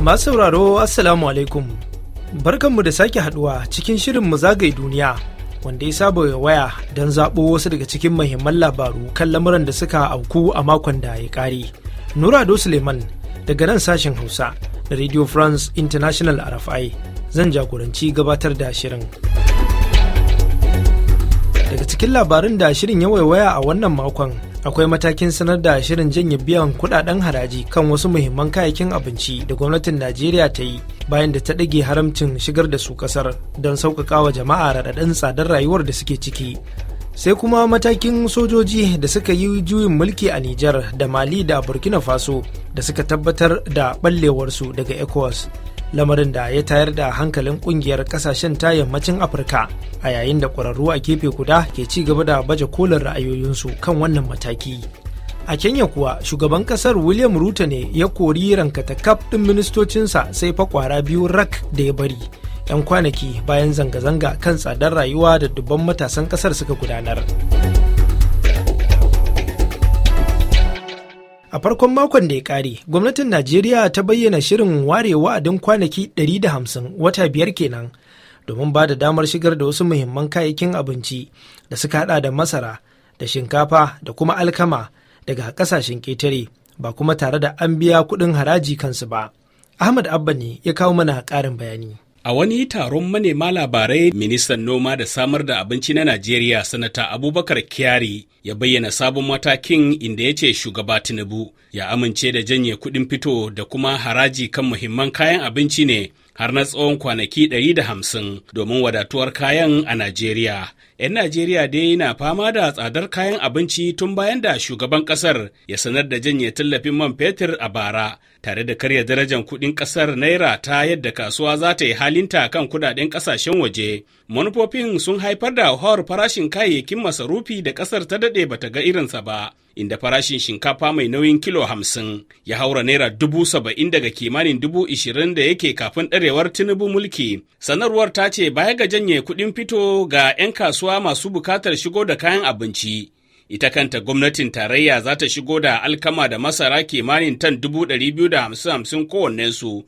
Masu sauraro Assalamu alaikum. Barkanmu da sake haduwa cikin shirin mu zagaye duniya wanda ya saba ya waya don zaɓo wasu daga cikin mahimman labaru kan lamuran da suka auku a makon da ya Nura Nurado Suleiman daga nan sashen Hausa da Radio France International RFI zan jagoranci gabatar da shirin. a cikin labarin da shirin ya waiwaya a wannan makon akwai matakin sanar da shirin janye biyan kudaden haraji kan wasu muhimman kayayyakin abinci da gwamnatin najeriya ta yi bayan da ta ɗage haramcin shigar da su ƙasar don sauƙaƙa wa jama'a raɗaɗin tsadar rayuwar da suke ciki sai kuma matakin sojoji da suka yi juyin mulki a Nijar da Mali da Burkina Faso da suka tabbatar da ɓallewarsu daga ECOWAS. lamarin da ya tayar da hankalin kungiyar kasashen ta yammacin afirka a yayin da ƙwararru a gefe guda ke ci gaba da baje kolin ra'ayoyinsu kan wannan mataki a kenya kuwa shugaban kasar william ruto ne ya kori rankatakaf ɗin ministocinsa sai fa kwara biyu rak da ya bari 'yan kwanaki bayan zanga-zanga kan tsadar rayuwa da dubban matasan kasar suka gudanar. a farkon makon da ya kare gwamnatin najeriya ta bayyana shirin ware wa'adin kwanaki 150 wata biyar kenan domin ba da damar shigar da wasu muhimman kayayyakin abinci da suka hada da masara da shinkafa da kuma alkama daga kasashen ƙetare ba kuma tare da an biya kuɗin haraji kansu ba ahmad abba ne ya kawo mana ƙarin bayani A wani taron manema labarai ministan noma da samar da abinci na Najeriya sanata Abubakar Kyari ya bayyana sabon matakin inda ya ce shugaba Tinubu ya amince da janye kuɗin fito da kuma haraji kan muhimman kayan abinci ne har na tsawon kwanaki 150 domin wadatuwar kayan a Najeriya. 'Yan Najeriya dai na fama da tsadar kayan abinci tun bayan da shugaban ƙasar ya sanar da janye tallafin man fetur a bara tare da karya darajar kuɗin ƙasar naira ta yadda kasuwa za ta yi halinta kan kuɗaɗen ƙasashen waje manufofin sun haifar da hauhawar farashin kayayyakin masarufi da ƙasar ta daɗe bata ga irinsa ba inda farashin shinkafa mai nauyin kilo hamsin ya haura naira dubu saba'in daga kimanin dubu ishirin da yake kafin ɗarewar tinubu mulki sanarwar ta ce baya ga janye kuɗin fito ga 'yan kasuwa masu bukatar shigo da kayan abinci ita kanta gwamnatin tarayya za ta shigo da alkama da masara kimanin tan 250,000 kowannensu.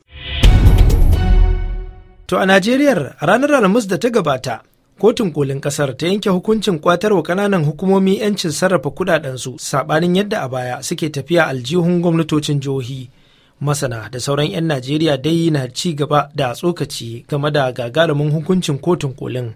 To a najeriya ranar Alhamis da ta gabata, kotun kolin kasar ta yanke hukuncin kwatarwa kananan hukumomi 'yancin sarrafa su saɓanin yadda a baya suke tafiya aljihun gwamnatocin jihohi masana da sauran 'yan najeriya dai na ci gaba da tsokaci game da gagarumin hukuncin kotun kolin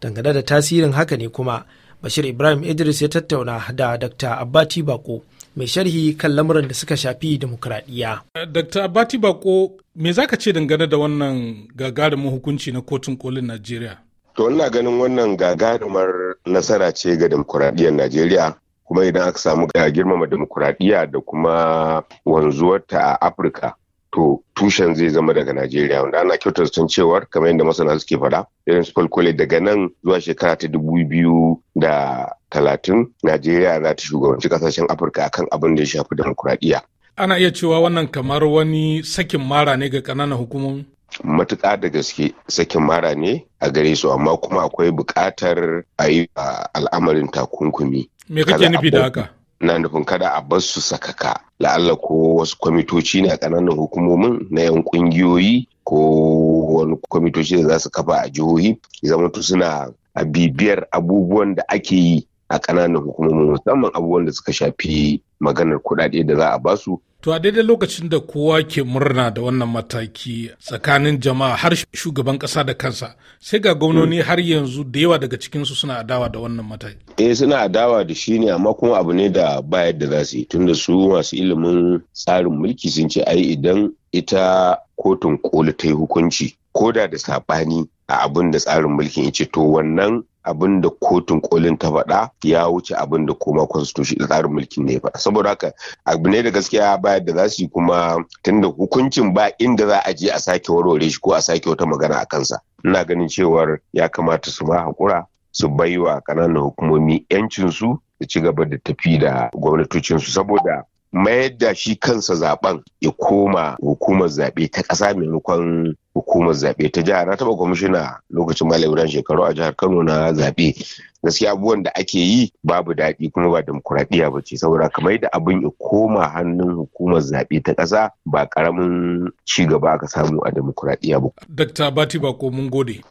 dangane da tasirin haka ne kuma Bashir Ibrahim Idris ya tattauna da Dr. Abbati Bako mai sharhi kan lamuran da suka shafi demokradiyya. Dr. Abbati Bako me za ka ce dangane da wannan gagarumin hukunci na kotun kolin Najeriya? To ina ganin wannan gagarumar nasara ce ga demokuraɗiyyar Najeriya kuma idan aka samu girmama demokuraɗiyya da kuma wanzuwarta a Afirka to tushen zai zama daga Najeriya wanda ana kyautar sun cewar kamar yadda masana suke faɗa irin su kwalkwale daga nan zuwa shekara ta dubu biyu da talatin Najeriya za ta shugabanci kasashen Afirka akan abin da ya shafi demokuraɗiyya. Ana iya cewa wannan kamar wani sakin mara ne ga ƙananan hukumomi? matuƙa da gaske sakin mara ne a gare su amma kuma akwai buƙatar a yi al'amarin takunkumi. Me kake nufi da haka? na nufin kada a bar su sakaka la'alla ko wasu kwamitoci ne a ƙananan hukumomin na 'yan ƙungiyoyi ko wani kwamitoci da za su kafa a jihohi zama suna bibiyar abubuwan da ake yi a ƙananan hukumomin musamman abubuwan da suka shafi maganar kuɗaɗe da za a basu. To a daidai lokacin da kowa ke murna da wannan mataki tsakanin jama'a har shugaban ƙasa da kansa sai ga gwamnoni har yanzu da yawa daga cikinsu suna adawa da wannan mataki. Eh suna adawa da shi ne amma kuma abu ne da ba yadda za su yi tunda su masu ilimin tsarin mulki sun ce ai idan ita kotun koli ta yi hukunci koda da saɓani a abin da tsarin mulkin ya ce to wannan abin da kotun kolin ta faɗa ya wuce abin da koma constitution da tsarin mulkin ne ya faɗa saboda haka abu ne da gaskiya ba da za su yi kuma tunda hukuncin ba inda za a je a sake warware shi ko a sake wata magana a kansa ina ganin cewar ya kamata su ba hakura su baiwa kananan hukumomi yancin su ci gaba da tafi da gwamnatocinsu saboda mayar da shi kansa zaben ya koma hukumar zaɓe ta ƙasa maimakon hukumar zaɓe ta jihar na taɓa kwamishina lokacin malam ibrahim shekaru a jihar kano na zaɓe gaskiya abubuwan da ake yi babu daɗi kuma ba demokuraɗiyya ba ce saboda kamar da abin ya koma hannun hukumar zaɓe ta ƙasa ba ƙaramin ci gaba aka samu a demokuraɗiyya ba. dakta Bati ba ko mun gode.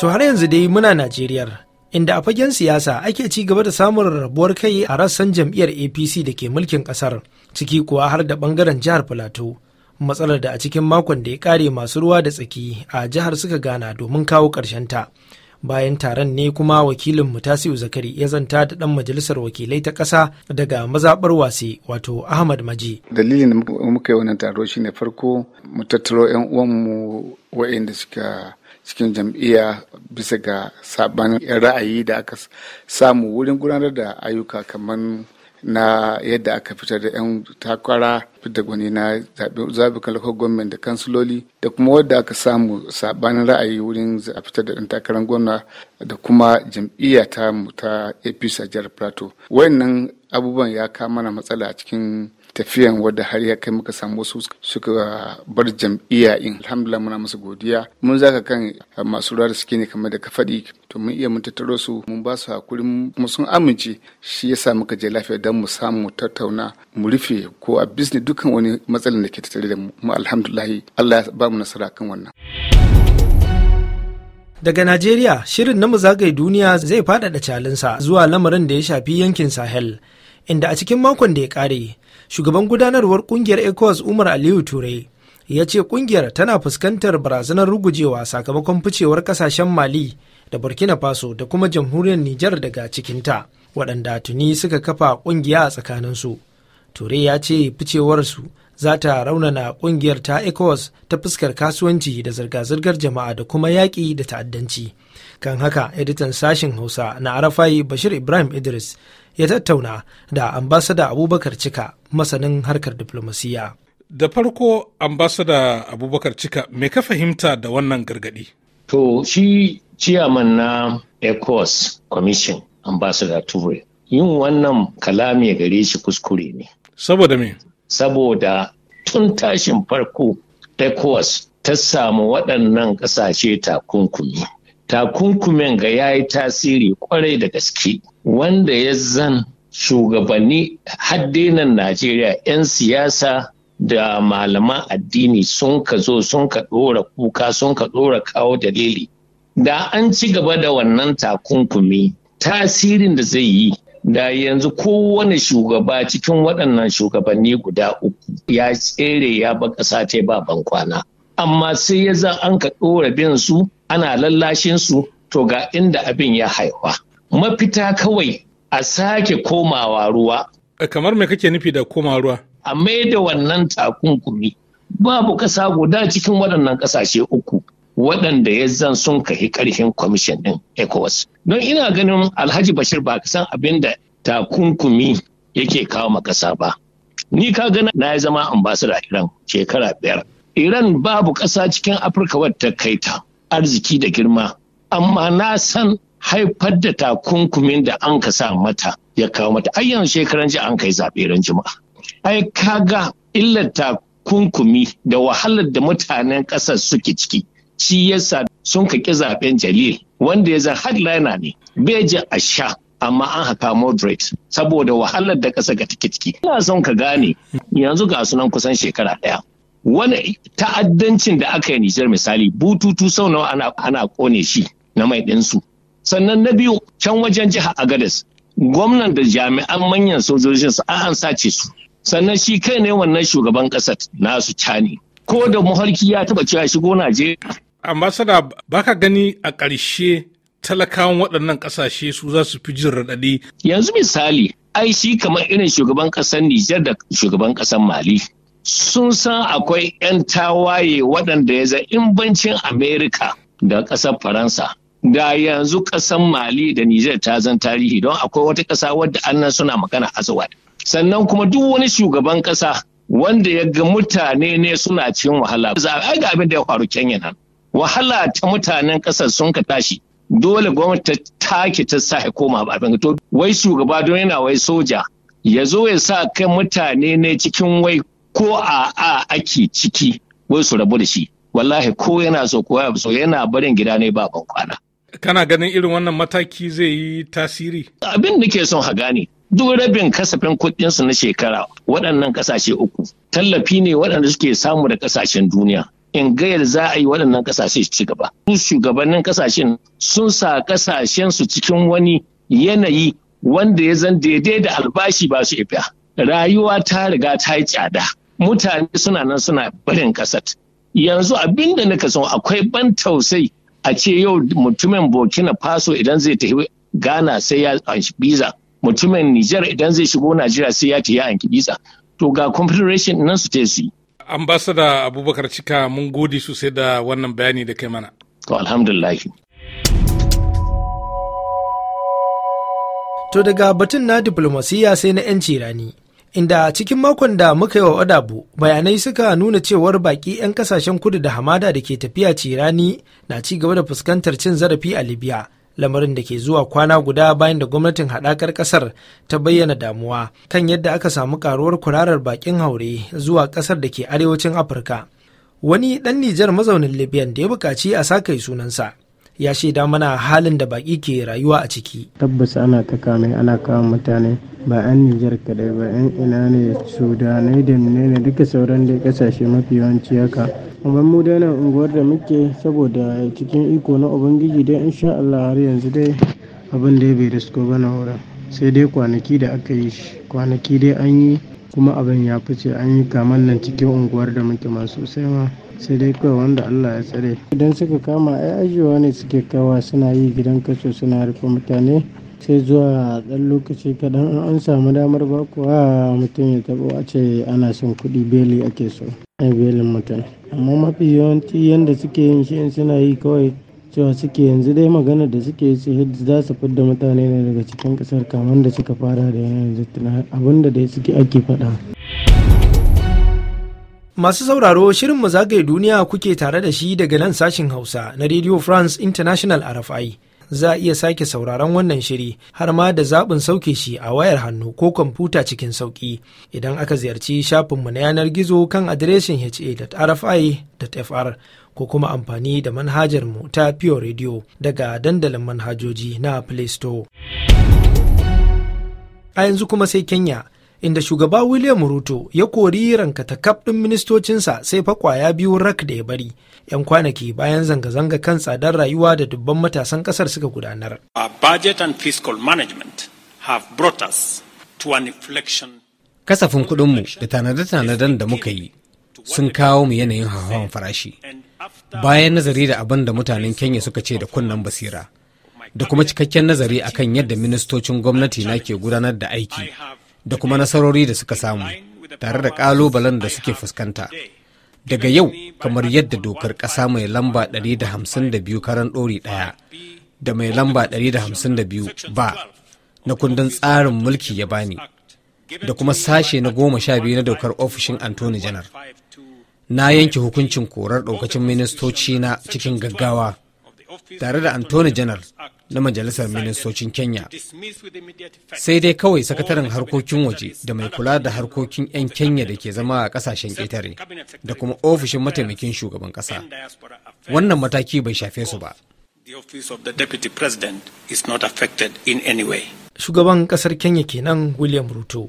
To har yanzu dai muna Najeriya inda a fagen siyasa ake ci gaba da samun rabuwar kai a rassan jam'iyyar apc da ke mulkin kasar ciki kuwa har da bangaren jihar plateau matsalar da a cikin makon da ya kare masu ruwa da tsaki a jihar suka gana domin kawo ta bayan taron ne kuma wakilin mutasiu zakari ya zanta da dan majalisar wakilai ta kasa daga mazaɓar wasi wato ahmad maji dalilin da muka yi wannan taro shine farko mu tattaro 'yan uwanmu wa'inda suka cikin jam'iyya bisa ga sabanin ra'ayi da aka samu wurin gudanar da ayyuka kamar na yadda aka fitar da 'yan takwara da gwani na zaɓukan lokacin gwamnan da kansiloli da kuma wadda aka samu sabanin ra'ayi wurin a fitar da ɗan takarar gwamna da kuma jam'iyya ta mu ta apc a jihar plateau wayannan abubuwan ya kama mana matsala a cikin tafiyan wadda har ya kai muka samu wasu suka bar jam'iyya in alhamdulillah muna musu godiya mun zaka kan masu ruwa da suke ne kamar da ka faɗi to mun iya mun tattaro su mun ba su hakuri kuma sun amince shi yasa muka je lafiya don mu samu tattauna mu rufe ko a bisne dukkan wani matsalar da ke tattare da mu alhamdulillah Allah ya ba mu nasara kan wannan. Daga Najeriya, shirin na zagaye duniya zai faɗaɗa calinsa zuwa lamarin da ya shafi yankin Sahel, inda a cikin makon da ya kare. shugaban gudanarwar kungiyar ecowas umar aliyu turai ya ce kungiyar tana fuskantar barazanar rugujewa sakamakon ficewar kasashen mali da burkina faso da kuma jamhuriyar nijar daga cikinta waɗanda tuni suka kafa kungiya a tsakaninsu Turai ya ce ficewarsu za ta raunana kungiyar ta ecowas ta fuskar kasuwanci da zirga-zirgar jama'a da kuma yaƙi da ta'addanci kan haka editan sashen hausa na arafai bashir ibrahim idris ya tattauna da ambasada abubakar cika masanin harkar diplomasiya. Da farko ambasada Abubakar Cika me ka fahimta da wannan gargadi? To shi ciyaman na ECOWAS Commission ambasada Ture yin wannan kalami gare shi kuskure ne. Saboda me? Saboda tun tashin farko ECOWAS ta samu waɗannan ƙasashe takunkumi. Takunkumin ga ya yi tasiri kwarai da gaske wanda ya zan shugabanni haddinan Najeriya 'yan siyasa da malaman addini sun ka zo sun ka ɗora kuka sun ka ɗora kawo dalili. Da an ci gaba da wannan takunkumi tasirin da zai yi da yanzu kowane shugaba cikin waɗannan shugabanni guda uku ya tsere ya ba ƙasa ta ba bankwana. Amma sai ya za an ka ɗora bin su ana lallashin su to ga inda abin ya haifa. Mafita kawai a sake komawa ruwa. Eh, kamar me kake nufi da komawa ruwa? A mai da wannan takunkumi babu ƙasa guda cikin waɗannan ƙasashe uku waɗanda ya zan sun kahi ƙarfin kwamishin ɗin ECOWAS. Don ina ganin Alhaji Bashir ba san abin da takunkumi yake kawo ma ƙasa ba. Ni ka gana na ya zama ambasada Iran shekara biyar. Iran babu ƙasa cikin Afirka wadda kaita arziki da girma. Amma na san haifar da takunkumin da an ka sa mata ya kawo mata ai shekaran ji an kai zaɓe ran jima'a ai ga illar takunkumi da wahalar da mutanen ƙasar suke ciki shi yasa sun ka zaɓen jalil wanda ya zan yana ne beji a sha amma an haka moderate saboda wahalar da ƙasa ga take ciki ina son ka gane yanzu ga sunan kusan shekara ɗaya wani ta'addancin da aka yi Nijar misali bututu sau nawa ana, ana kone shi na mai ɗinsu sannan na biyu can wajen jiha gadas gwamnan da jami'an manyan sojojin su an sace su sannan shi kai ne wannan shugaban ƙasar nasu cani ko da muhalki ya taba cewa shigo najeriya sana baka gani a ƙarshe talakawan waɗannan ƙasashe su za su fi jin raɗaɗi. Yanzu misali, ai shi kamar irin shugaban ƙasar Nijar da shugaban ƙasar Mali. Sun san akwai 'yan tawaye waɗanda ya za in bancin Amerika da ƙasar Faransa da yanzu ƙasan mali da nijar ta zan tarihi don akwai wata kasa wadda annan suna magana a aswad sannan kuma duk wani shugaban kasa wanda ya ga mutane ne suna cikin wahala ai ga abin da ya faru kenya nan wahala ta mutanen kasar sun ka tashi dole gwamnati ta take ta sa ya koma ba to wai shugaba don yana wai soja ya zo ya sa kai mutane ne cikin wai ko a a ake ciki wai su rabu da shi wallahi ko yana so ko yana barin gida ne ba ban kwana Kana ganin irin wannan mataki zai yi tasiri? Abin da ke son haga ne, Duk rabin kasafin kuɗinsu na shekara waɗannan ƙasashe uku. Tallafi ne waɗanda suke samu da ƙasashen duniya. In gayar za a yi waɗannan ƙasashe su ci gaba. Su shugabannin ƙasashen sun sa ƙasashen su cikin wani yanayi wanda ya zan daidai da albashi ba su ifiya. Rayuwa ta riga ta yi tsada. Mutane suna nan suna barin ƙasar. Yanzu abinda da nika son akwai ban tausayi a ce yau mutumin burkina faso idan zai tafi ghana sai ya anshi biza mutumin niger idan zai shigo najeriya sai ya tafi ya anki biza to ga confederation nan su te su yi ambassador abubakar cika mun gode sosai da wannan bayani da kai mana to alhamdulillah To daga batun na diplomasiya sai na 'yanci rani, inda cikin makon da muka yi wa Odabu, bayanai suka nuna cewar baƙi 'yan kasashen kudu da hamada da ke tafiya cirani na ci gaba da fuskantar cin zarafi a Libya. lamarin da ke zuwa kwana guda bayan da gwamnatin haɗakar ƙasar ta bayyana damuwa kan yadda aka samu ƙaruwar kurarar baƙin haure zuwa ƙasar da ke arewacin afirka wani ɗan nijar mazaunin libyan da ya buƙaci a sa kai sunansa ya shaida mana halin da baki ke rayuwa a ciki. Tabbas ana ta kame ana kama mutane ba 'yan Nijar kadai ba 'yan ina ne Sudanai da ne duka sauran da kasashe mafi yawanci haka. Amma mu dai nan unguwar da muke saboda cikin iko na Ubangiji dai insha Allah har yanzu dai abin da ya bai risko ba na wurin. Sai dai kwanaki da aka yi shi kwanaki dai an yi kuma abin ya fice an yi kamar nan cikin unguwar da muke masu sosai ma. sai dai kawai wanda Allah ya tsare idan suka kama ai ajiyewa ne suke kawa suna yi gidan kaso suna rufe mutane sai zuwa ɗan lokaci kaɗan an samu damar ba kuwa mutum ya taɓa a ce ana son kuɗi beli ake so a belin mutum amma mafi yawanci yadda suke yin shi suna yi kawai cewa suke yanzu dai magana da suke su za su fidda mutane ne daga cikin ƙasar kamar da suka fara da yanzu abinda dai suke ake faɗa Masu sauraro shirinmu zagaye duniya kuke tare da shi daga nan sashin Hausa na Radio France International RFI. Za a iya sake sauraron wannan shiri har ma da zaɓin sauke shi a wayar hannu ko kwamfuta cikin sauƙi idan aka ziyarci shafinmu na yanar gizo kan adireshin ha.rfi.fr ko kuma amfani da manhajarmu ta Pure Radio daga dandalin manhajoji na Play Store. A yanzu kuma sai Kenya. inda shugaba William Ruto ya kori rankatakaf ɗin ministocinsa sai fa kwaya biyu rak da ya bari 'yan kwanaki bayan zanga-zanga kan tsadar rayuwa da dubban matasan ƙasar suka gudanar. Kasafin kuɗinmu da tanade-tanaden da muka yi sun kawo mu yanayin hawan farashi. Bayan nazari da abin da mutanen Kenya suka ce da kunnen basira, da kuma cikakken nazari akan yadda ministocin gwamnati na ke gudanar da aiki. da kuma nasarori da suka samu tare da ƙalubalen da suke fuskanta. Daga yau, kamar yadda dokar ƙasa mai lamba 152 karan ɗori ɗaya da mai lamba 152 ba na kundin tsarin mulki ya bani da kuma sashe na goma sha biyu na dokar ofishin Antoni Janar. Na yanke hukuncin korar ɗaukacin ministoci na cikin gaggawa tare da Antoni Janar na majalisar ministocin kenya sai dai kawai sakataren harkokin waje da mai kula da harkokin 'yan kenya da ke zama a kasashen ƙetare da kuma ofishin mataimakin shugaban ƙasa wannan mataki bai shafe su ba shugaban ƙasar kenya kenan william ruto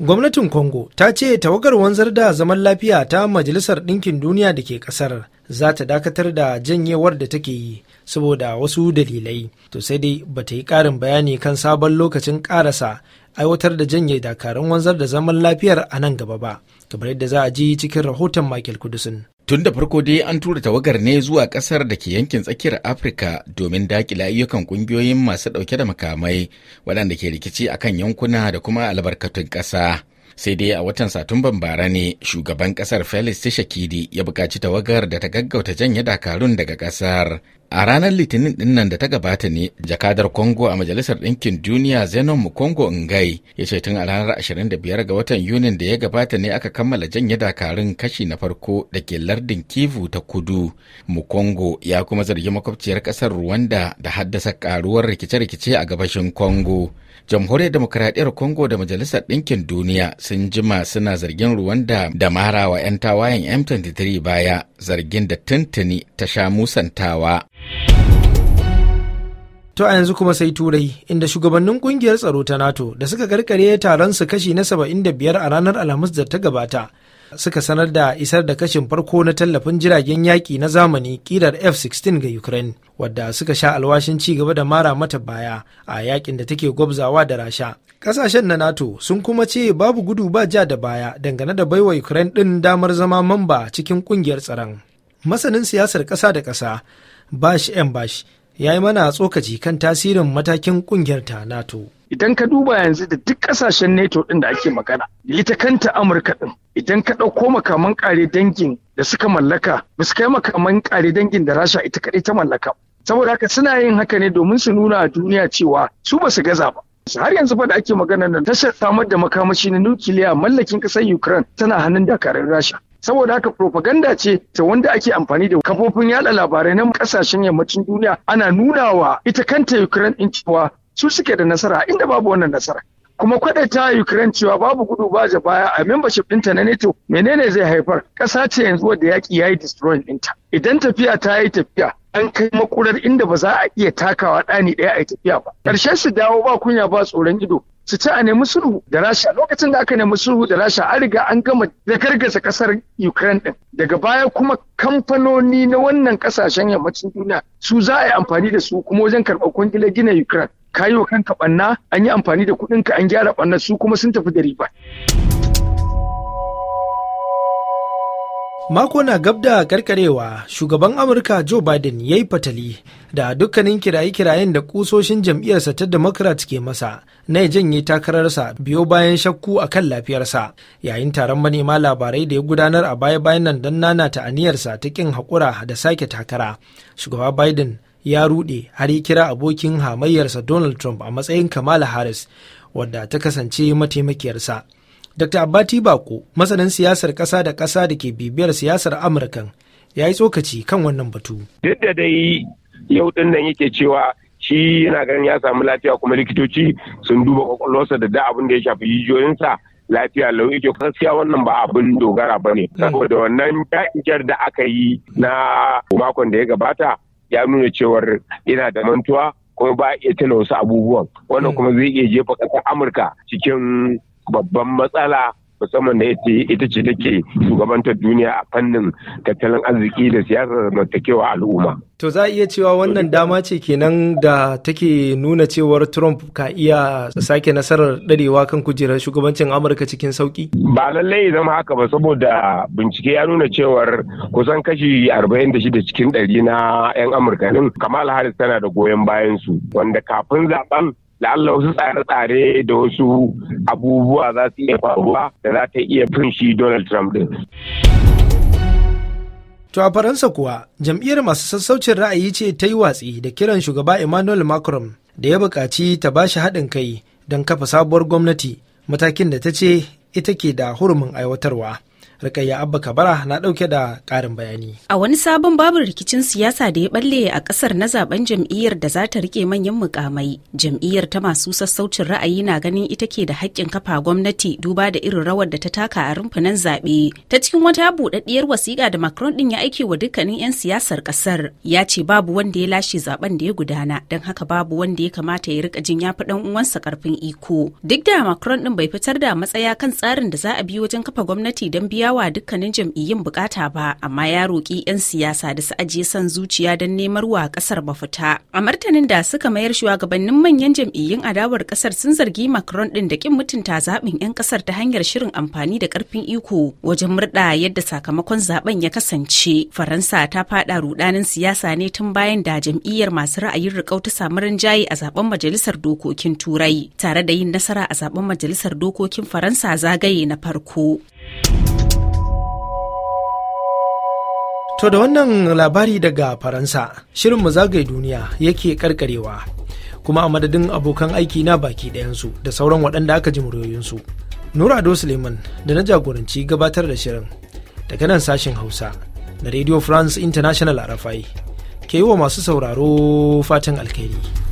gwamnatin congo ta ce tawagar wanzar da zaman lafiya ta majalisar ɗinkin duniya da ke ƙasar za ta dakatar da janyewar da take yi saboda wasu dalilai to sai dai ba ta yi ƙarin bayani kan sabon lokacin ƙarasa aiwatar da janye dakarun wanzar da zaman lafiyar a nan gaba ba kamar yadda za a ji cikin rahoton Michael Kudusin. Tun da farko dai an tura tawagar ne zuwa kasar da ke yankin tsakiyar Afirka domin dakila ayyukan ƙungiyoyin masu ɗauke da makamai waɗanda ke rikici akan yankuna da kuma albarkatun ƙasa. sai dai a watan satumban bara ne shugaban kasar felix tshisekedi ya buƙaci tawagar da ta gaggauta janye dakarun daga kasar A ranar Litinin ɗinnan da ta gabata ne, jakadar Congo a Majalisar Ɗinkin Duniya Zenon Mukongo Ngai ya ce tun a ranar 25 ga watan Yunin da ya gabata ne aka kammala janye dakarun kashi na farko da ke lardin Kivu ta kudu. Mukongo ya kuma zargi makwabciyar ƙasar Rwanda da haddasa ƙaruwar rikice-rikice a gabashin Congo. Jamhuriyar Demokuraɗiyar Congo da Majalisar Ɗinkin Duniya sun jima suna zargin Rwanda da marawa 'yan tawayen M23 baya zargin da tuntuni ta sha musantawa. To a yanzu kuma sai Turai, inda shugabannin kungiyar tsaro ta NATO da suka karkare taron su kashi na 75 a ranar Alhamis da ta gabata, suka sanar da isar da kashin farko na tallafin jiragen yaƙi na zamani ƙirar F-16 ga Ukraine, wadda suka sha alwashin ci gaba da mara mata baya a yakin da take gwabzawa da Rasha. Ƙasashen na NATO sun kuma ce babu gudu ba ja da baya dangane da baiwa Ukraine ɗin damar zama mamba cikin ƙungiyar tsaron. Masanin siyasar ƙasa da ƙasa bashi yan bashi ya yi mana tsokaci kan tasirin matakin kungiyar ta nato idan ka duba yanzu da duk kasashen nato din da ake magana ita kanta amurka din idan ka ɗauko makaman kare dangin da suka mallaka ba su kai makaman kare dangin da rasha ita kaɗai ta mallaka saboda haka suna yin haka ne domin su nuna a duniya cewa su ba su gaza ba har yanzu fa da ake magana nan tashar samar da makamashi na nukiliya mallakin kasar ukraine tana hannun dakarun rasha saboda haka propaganda ce ta wanda ake amfani da kafofin yada labarai na kasashen yammacin duniya ana nuna wa ita kanta Ukraine din cewa su suke da nasara inda babu wannan nasara kuma ta Ukraine cewa babu gudu ba ja baya a membership ɗinta na NATO menene zai haifar ƙasa ce yanzu wadda yaki yayi destroying ɗinta idan tafiya ta yi tafiya an kai makurar inda ba za a iya takawa ɗani ɗaya a tafiya ba ƙarshen su dawo ba kunya ba tsoron ido su ci a nemi sulhu da rasha lokacin da aka nemi sulhu da rasha an riga an gama da gargaza kasar ukraine din daga baya kuma kamfanoni na wannan kasashen yammacin duniya su za a yi amfani da su kuma wajen karɓar kwangilar gina ukraine yi wa kanka ɓanna an yi amfani da kuɗin ka an gyara ɓanna su kuma sun tafi da riba. Mako na gab da karkarewa shugaban Amurka Joe Biden ya yi fatali da dukkanin kiraye-kirayen da kusoshin jam'iyyarsa ta democrat ke masa na ya janye takararsa biyo bayan shakku a kan lafiyarsa yayin taron manema labarai da ya gudanar a baya-bayan nan don ta aniyarsa ta kin haƙura da sake takara shugaba biden ya ruɗe har ya kira abokin hamayyarsa donald trump a matsayin kamala harris wadda ta kasance mataimakiyarsa dr abati bako masanin siyasar ƙasa da ƙasa da ke bibiyar siyasar amurkan ya yi tsokaci kan wannan batu. Duk da dai yau din nan yake cewa shi yana ganin ya samu lafiya kuma likitoci sun duba kwakwalwarsa da da abin da ya shafi jijiyoyinsa lafiya lau yake gaskiya wannan ba abin dogara ba ne mm. saboda wannan ya'ijar da aka yi na makon da ya gabata ya nuna cewar yana da mantuwa kuma ba iya tuna wasu abubuwan Wannan mm. kuma zai iya jefa ƙasar amurka cikin babban matsala musamman da ita ce take shugabantar duniya a fannin tattalin arziki da siyasar zamantakewa al'umma. To za a iya cewa wannan dama ce kenan da take nuna cewar Trump ka iya sake nasarar ɗarewa kan kujerar shugabancin Amurka cikin sauki? Ba lallai ya zama haka ba saboda bincike ya nuna cewar kusan kashi 46 cikin ɗari na 'yan Amurka din Kamala Harris tana da goyon bayan su wanda kafin zaben la'alla wasu tsare-tsare da wasu abubuwa za su iya faruwa da za ta iya fin Donald Trump din. To a Faransa kuwa, jam'iyyar masu sassaucin ra'ayi ce ta yi watsi da kiran shugaba Emmanuel Macron da ya buƙaci ta ba shi haɗin kai don kafa sabuwar gwamnati matakin da ta ce ita ke da hurumin aiwatarwa. Rikayya Abba Kabara na dauke da ƙarin bayani. A wani sabon babin rikicin siyasa da ya balle a kasar na zaben jam'iyyar da za ta rike manyan mukamai. Jam'iyyar ta masu sassaucin ra'ayi na ganin ita ke da haƙƙin kafa gwamnati duba da irin rawar da ta taka a rumfunan zaɓe. Ta cikin wata buɗaɗɗiyar wasiƙa da Macron ɗin ya aike wa dukkanin 'yan siyasar ƙasar. Ya ce babu wanda ya lashe zaben da ya gudana don haka babu wanda ya kamata ya rika jin ya fi ɗan uwansa karfin iko. Duk da Macron ɗin bai fitar da matsaya kan tsarin da za a bi wajen kafa gwamnati don biya yawa dukkanin jam'iyyun bukata ba amma ya roƙi 'yan siyasa da su ajiye son zuciya don nemar wa kasar mafita a martanin da suka mayar shugabannin manyan jam'iyyun adawar kasar sun zargi macron din da kin mutunta zaɓin 'yan kasar ta hanyar shirin amfani da karfin iko wajen murda yadda sakamakon zaben ya kasance faransa ta faɗa rudanin siyasa ne tun bayan da jam'iyyar masu ra'ayin riƙau ta samu rinjaye a zaben majalisar dokokin turai tare da yin nasara a zaben majalisar dokokin faransa zagaye na farko. To da wannan labari daga Faransa, shirin mu zagaye duniya yake karkarewa, kuma a madadin abokan aiki na baki ɗayansu da sauran waɗanda aka ji muryoyinsu. Nura Ado Suleiman da na jagoranci gabatar da shirin daga nan sashen Hausa da Radio France International Rafai, ke yi wa masu sauraro fatan alkhairi.